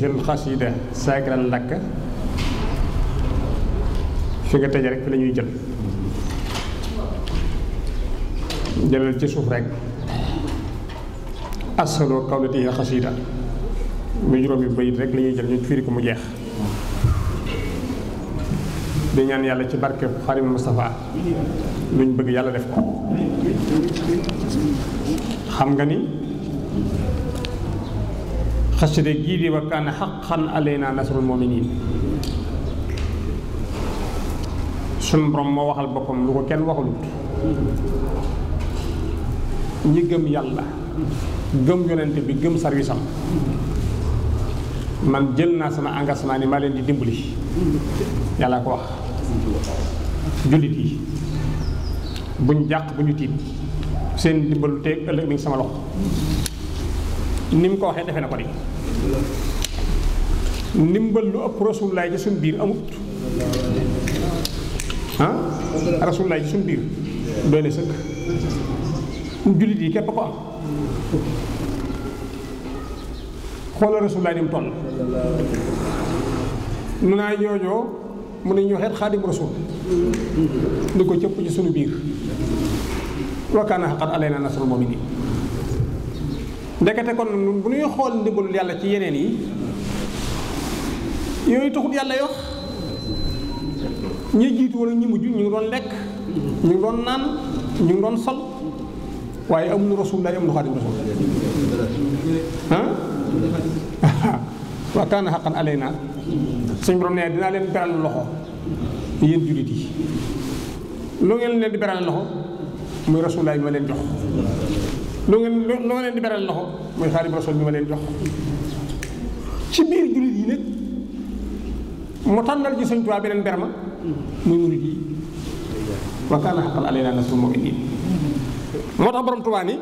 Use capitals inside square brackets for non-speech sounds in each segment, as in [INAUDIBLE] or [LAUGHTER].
biiral xasida saagaral ndakk fi nga tëje rek fi la ñuy jël jëlal ci suuf rek asaloo kaw la tëye xasida muy juróomi bayit rek la jël ñu fiiri ko mu jeex di ñaan yàlla ci barke xarim Moustapha lu ñu bëgg yàlla def ko xam nga ni xasida gii di wa kaana xaqan alayna nasrul muminin suñ borom moo waxal boppam lu ko kenn waxulut ñi gëm yàlla gëm yonent bi gëm sarwisam man jël naa sama engagement ni ma leen di dimbali yàlla ko wax jullit yi buñ jàq bu tiit seen dimbalu teeg ëllëg mi sama loxo ni mu ko waxee defe na ko di ndimbal lu ëpp rasulullaay ci suñ biir amut ah rasulullaay ci suñ biir doy na sëkk jullit yi képp ko am xoolal rasulullaay ni mu toll nu naa ñooñoo mu ne ñoo xeet rasul ni ko cëpp ci sunu biir wa kaana xaqat alayna nasrul mu'minin ndekete kon bu ñuy xool ndimbalul yàlla ci yeneen yi yooyu taxut yàlla yox ñi jiitu wala ñi mujj ñu ngi doon lekk ñu ngi doon naan ñu ngi doon sol waaye amuñu rasulullahi amuñu xaadim rasul ah [LAUGHS] wa kaana xaqan alayna suñ borom nee dinaa leen beral loxo yéen jullit yi lu ngeen leen di beral loxo muy rasulullahi ma leen jox lu ngeen lu nga leen di beral loxo muy xaadim rasul bi ma leen jox ci biir jullit yi nag mu tànnal ci sëñ Tuubaa beneen berma muy moo tax borom Tuubaa ni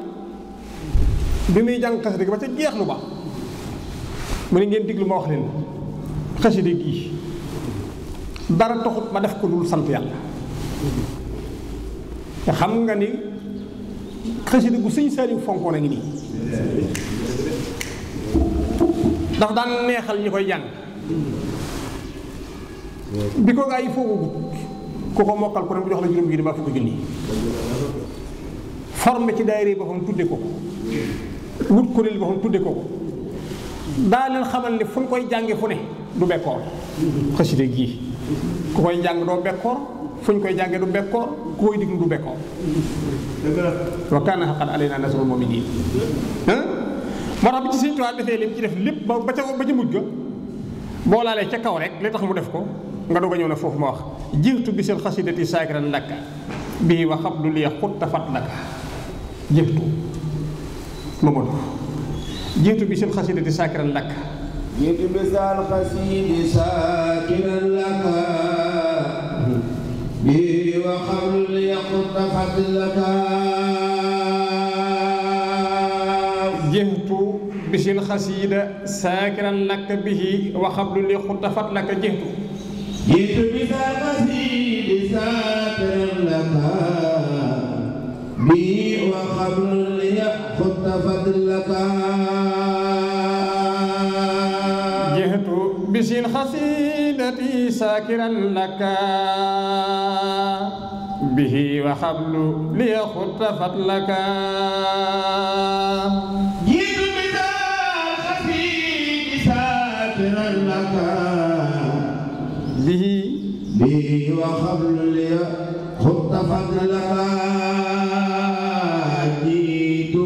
bi muy jàng xasida gi ba ca jeexlu ba mu ne ngeen diglu ma wax leen xasida gi dara taxut ma def ko dul sant yàlla te xam nga ni xasida gu sëñ Saliou fonkoon a ngi nii ndax daan neexal ñi koy jàng bi ko gaa yi foofu ku ko mokkal ku ne mu jox la juróom gi dama fukki junni formé ci daayira ba xam tudde ko wut kuréel ba xam tudde ko daa leen xamal ne fu ñu koy jànge fu ne du bekkoor xasida gii ku koy jàng doo bekkoor fu ñu koy jànge du bekkoor kooy diglu du bekkoo wa kaana haqqan alaynaa nasrul mu'miniin moo tax bi ci Sëñ Tuubaa defee lim ci def lépp ba ba ca ba ca mujj ga boo laalee ca kaw rek li tax mu def ko nga doog a ñëw ne foofu ma wax jiitu bi seen xasidati saakiran lakka bii wa xabdu li xutta fat lakka jiitu ma mën bi seen xasidati saakiran lakka jiitu bi seen xasidati saakiran lakka لك جهت بش الخسيدة ساكرا لك به وقبل لخطفت لك جهت جهت بسا خسيد ساكرا لك بي وقبل لخطفت لك جهت بسين خسيدتي ساكرا لك به وحبل ليخط فضلك جئت بذاك في ساترا لك به به وحبل ليخط فضلك جئت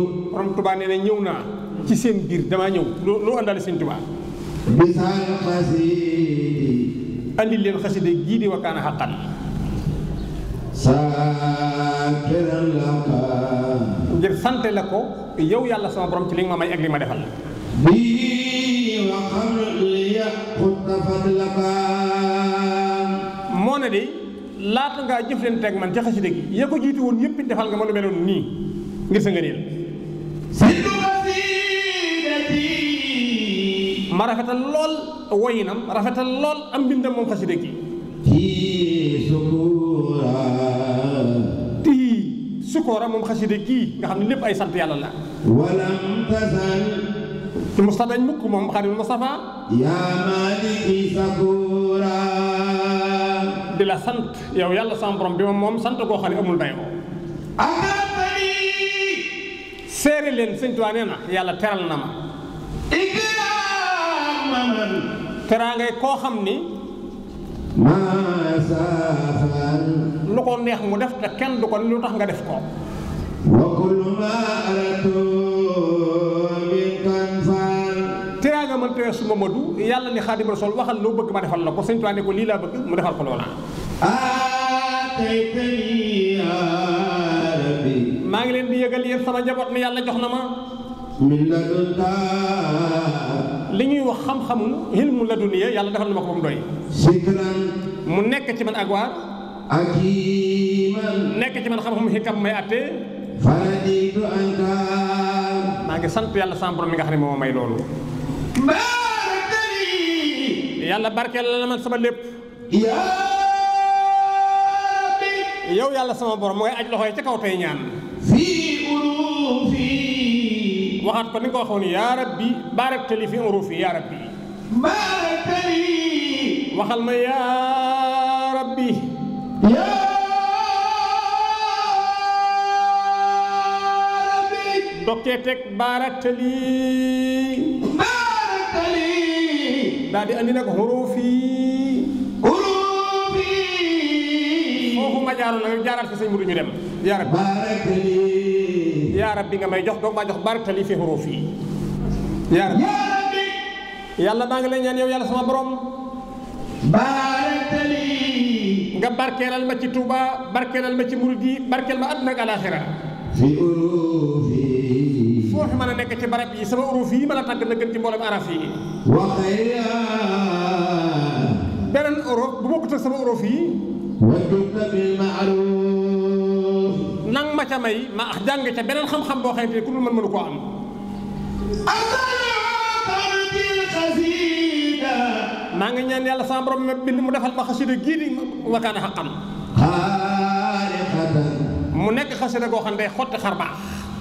borom nee na ñëw naa ci seen biir damaa ñëw loo àndaale seen Tuubaa bisaal xasidi andi leen xasida gii di wakkaana xaqan ngir sante la ko yow yàlla sama borom ci li nga may ak li ma defal bii wa qabli yaxutta fadlaka moo ne de laata ngaa jëflante ak man ci xasida gi ya ko jiitu woon yëpp defal nga ma lu meloon nii ngir sa ngëneel ma rafetal lool woyinam rafetal lool am mbindam moom xasida gi sukkoora moom xasida gii nga xam ne lépp ay sant yàlla la walam tasal musta dañ mukk moom xadim Mustafa yaa maliki sakuura di la sant yow yàlla sama bi moom moom sant koo xam ne amul dayoo akarabani seere leen sëñ nee na yàlla teral na ma ikraam teraa ngay koo xam ni lu ko neex mu def te kenn du ko lu tax nga def ko wa kullu ma aratu min kan faal teraanga man tee su yàlla ni Xaadim Rasul waxal loo bëgg ma defal la ko Sëñ ko lii laa bëgg mu defal ko loola maa ngi leen di yëgal yéen sama njaboot ni yàlla jox na ma min ladunka li ñuy wax xam-xamum ilmu la duniya yàlla defal na ma ko ba mu doy. mu nekk ci man ak waar. nekk ci man xam-xamu xikam may àttee. maa ngi sant yàlla sama borom mi nga xam ne moo may loolu. yàlla barkeel la man sama lépp. yow yàlla sama borom mu ngay aj loxo yi ca kaw tey ñaan. waxaat ko ni nga ko waxoon yaa rabbi baarak tali fi urufi yaa rabbi baarak tali waxal ma yaa rabbi yaa rabbi dokkee tali baarak tali daal di andi nag urufi urufi foofu ma jaaroon nag jaaral fi sëñ mu duñu dem yaa rabbi yaa rabbi nga may jox doog maa jox barkali fi huruf yi yaa rabbi yàlla maa ngi lay ñaan yow yàlla sama borom barkali nga barkeelal ma ci Touba barkeelal ma ci murid yi barkeel ma àdduna alaaxira fi huruf yi foo fi mën a nekk ci barab yi sama huruf yi ma la tàgg na gën ci mboolem araf yi beneen huruf bu bokkut ak sama huruf yi wa bil ma'ruf ma ca may ma ax jàng ca beneen xam-xam boo xamante ne ku dul mën mënu koo am maa ngi ñaan yàlla sama borom ma bind mu defal ma xasida gii di wakaana xaqam mu nekk xasida goo xam ne day xotti xar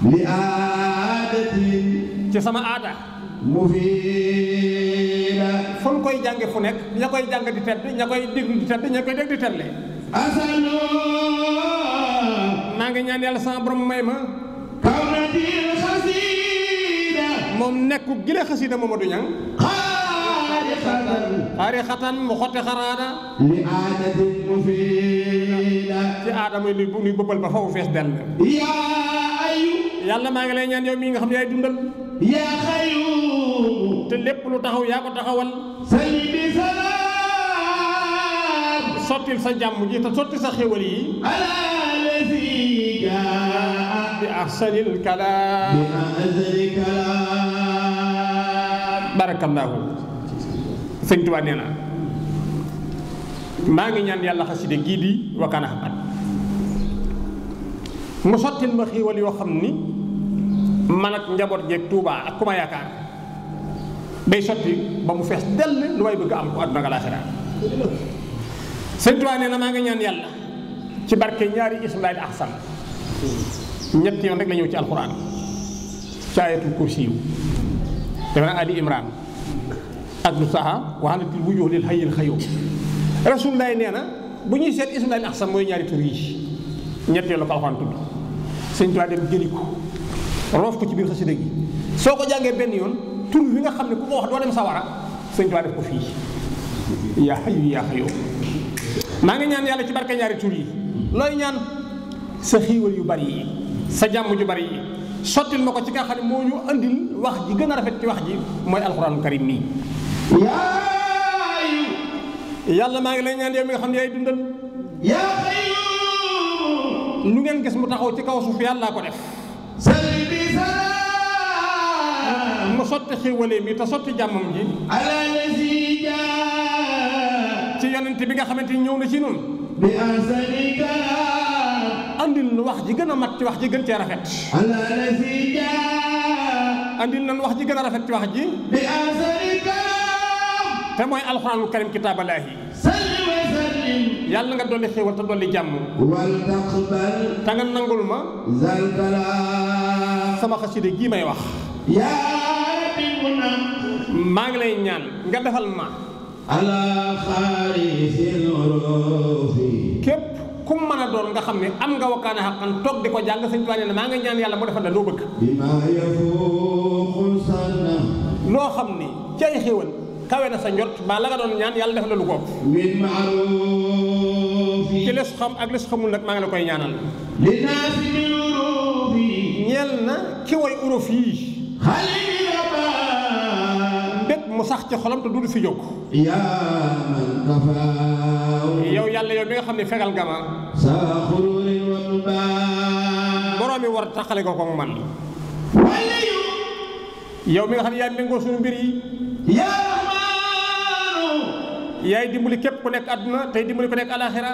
li aadati ci sama aada mu fi fu koy jànge fu nekk ña koy jàng di tedd ña koy diglu di tedd ña koy dégg di tedd asalo maa ngi ñaan yàlla sama borom may ma kaw na moom nekku gile xasida Mamadou Niang xaari xatan xaari xatan mu xotti xaraada li aadati mufiida ci aada muy lu luy bëppal ba faw fees dell yaa ayu yàlla maa ngi lay ñaan yow mii nga xam ne yaay dundal yaa xayu te lépp lu taxaw yaa ko taxawal sayyidi salaam sottil sa jàmm ji te sotti sa xéwal yi جاء sëñ Tuubaa nee maa ngi ñaan yàlla xaside gii di wakkaan ahmad mu sottil ma xiiwal yoo xam ni man ak njaboot jeeg Tuubaa ak ku yaakaar day sotti ba mu fees dell lu may bëgg am ko àdduna ak alaaxira sëñ Tuubaa nee na maa ngi ñaan yàlla ci barke ñaari ismail ahsan ñett yoon rek la ñëw ci alxuraan ci ayatul kursi yu defe naa ali imran ak lu saha waxanatil wujuh lil hayyil xayyum rasulullaay nee na bu ñuy seet ismulaay axsam mooy ñaari tur yi ñett yoon la ko alxuraan tudd sëñ Tuubaa ko ci biir xasida soo ko jàngee benn yoon tur wi nga xam ne ku ko wax doo dem sawara sëñ Tuubaa def ko fii yaa hayyu yaa xayyum maa ngi ñaan yàlla ci barke ñaari tur yi looy ñaan sa xiiwal yu bari yi sa jàmm ju bari yi sottil ma ko ci nga xam moo ñu andil wax ji gën a rafet ci wax ji mooy alxuraanul karim nii yàlla maa ngi lay ñaan yow mi nga xam ne yaay dundal yaa xayu lu ngeen gis mu taxaw ci kaw suuf yàllaa ko def mu sotti xéwaleem yi te sotti jàmmam ji ci yonent bi nga xamante ni ñëw na ci noonu bi andil nu wax ji gën a mat ci wax ji gën cee rafet andil nan wax ji gën a rafet ci wax ji te mooy alxuraanul karim kitaabalaahi yàlla nga dolli xéewal te dolli jàmm wal taqbal te nangul ma sama xasida gii may wax maa ngi lay ñaan nga defal ma ala xaari ku mu mën a doon nga xam ne am nga wakkaana xaqan toog di ko jàng sëñ Tuubaa nee na maa nga ñaan yàlla mu defal la loo bëgg loo xam ni cay xéwal kawe na sa njort ba la nga doon ñaan yàlla def la lu ko ci les xam ak les xamul nag maa ngi la koy ñaanal ñeel na ki way urof yii bépp mu sax ci xolam te du du fi jóg yaa man kafaa yow yàlla yow mi nga xam ne fegal nga ma boroom mi war taxale ko ko man yow mi nga xam ne yaay méngoo suñu mbir yi yaay dimbali képp ku nekk àdduna tey dimbali ku nekk alaxira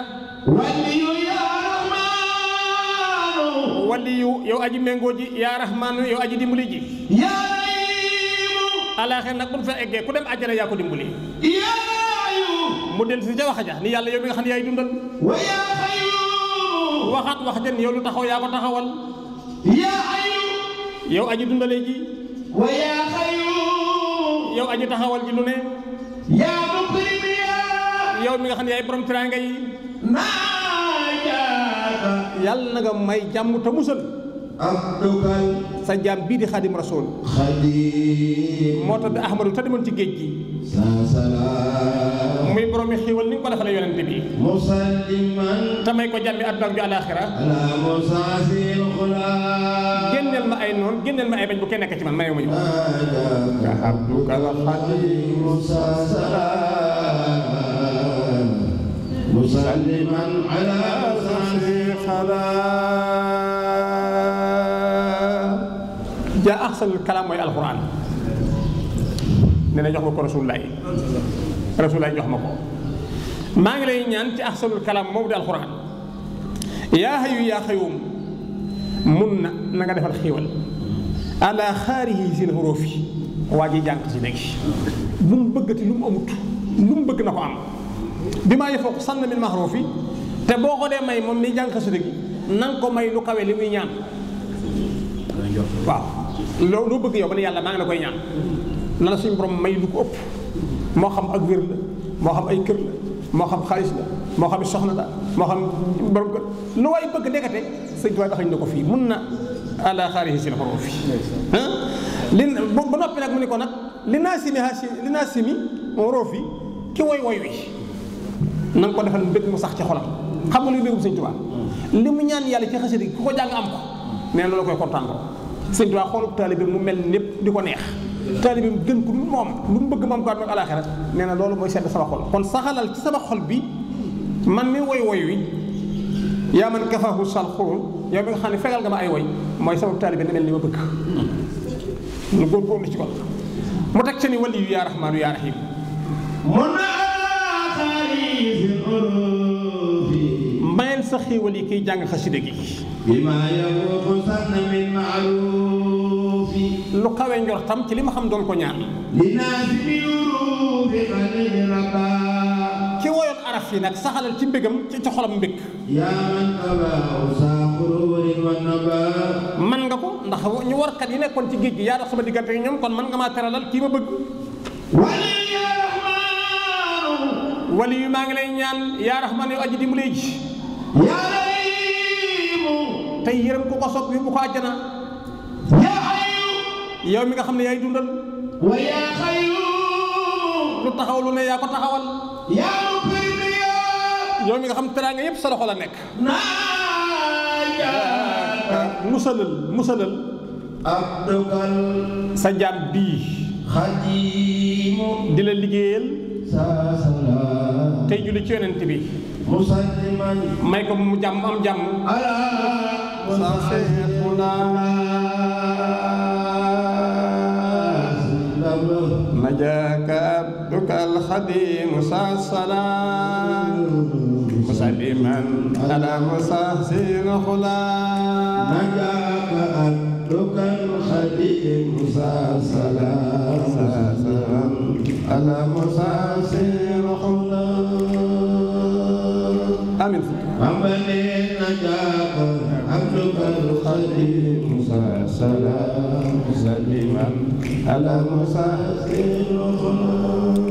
walli yu yow aji méngoo ji yaa rahmaanu yow aji dimbali ji alaxira nag bu fa eggee ku dem àjjana yaa ko dimbali mu del si ca wax ja ni yàlla yow mi nga xam yaay dundal wax yow taxaw yaa ko taxawal yaa xayu yow aji dundalee ji wa yaa xayu yow aji taxawal ji lu ne yaa mukrim yaa yow mi nga xam ne yaay borom teraanga yi naa yàlla na nga may jàmm te musal abdukan sa jaam bii di xaadim rasul xaadim moo tax bi ahmadu te demoon ci géej gi sa salaam muy borom mi ko defalee yonente bi musalliman te may ko jàmbi adduna bi alaxira ala ma ay noon génneel ma ay bañ bu kenn nekk ci man maye ma ñu ka abduka xaadim sa salaam musalliman ala ahsanul kalaam jox ma ko rasulullaay rasulullaay jox ma ko maa ngi lay ñaan ci ahsanul kalaam moom di alxuraan yaa xayu yaa xayuum mun na nanga nga defal xéewal ala xaarihi seen xuróof yi waa ji jàng si léegi lu mu bëggati lu mu amut lu mu bëgg na ko am bi maa yëfoo ko sànn min maxroof yi te boo ko dee may moom mi jàng xasida gi na nga ko may lu kawe li muy ñaan waaw loolu loo bëgg yow ba ne yàlla maa ngi la koy ñaan na la suñu borom may lu ko ëpp moo xam ak wér la moo xam ay kër la moo xam xaalis la moo xam soxna la moo xam borom kër lu waay bëgg nekkate na ko fii mun na ala xaarisi si la xoroo fi li ba noppi nag mu ne ko nag li naa simi ha li naa simi waroo fi ki woy woy wi na nga ko defal mbëgg mu sax ci xolam xam nga luy mbëggum sëñ Tuubaa hmm. li mu ñaan yàlla ci xasida ku ko jàng am ko nee loolu koy kontaan ko sëñ Tuubaa xoolub taalibe mu mel népp di ko neex taalibe mu gën ku dul moom lu mu bëgg moom ko am ak nee na loolu mooy sedd sama xol kon saxalal ci sama xol bi man mi woy woy wi yaa man kafahu sal xurul yow mi nga xam ne fegal nga ma ay woy mooy sama taalibe na mel ni ma bëgg lu ci kon mu teg ci ni wali yu yaa rahmaanu yaa sa xéewal yi kiy jàng xasida gi bima yabuuxu sann min maarufi lu kawe njortam ci li ma xam doon ko ñaan linaasi bi urufi xalii raba ki woyoon araf yi nag saxalal ci mbégam ci ci xolam mbég yaa man abaaw saa xuruurin wa naba man nga ko ndax ñu warkat yi nekkoon ci géej gi yaa dox sama diggante ñoom kon man nga maa teralal kii ma bëgg wali yu maa ngi lay ñaan yaa raxmaan yow aji dimbali ji tey yërëm ku ko sopp yóbbu ko àjjana yaa xayu yow mi nga xam ne yaay dundal wa yaa xayu lu taxaw ne yaa ko taxawal yaa muqiya yow mi nga xam teraanga yépp sa loxo la nekk musalal musalal abdukal sa jaam bii xadimu di la liggéeyal sa salaam tey julli ci yonent bi musalliman may ko mu jàmm am jàmm نجاك عبدك الخديم صلى مسلما على مصاحسين خلا نجاك عبدك الخديم صلى على مصاحسين خلا آمين أمني نجاك موسى سلام سليما على موسى سيدنا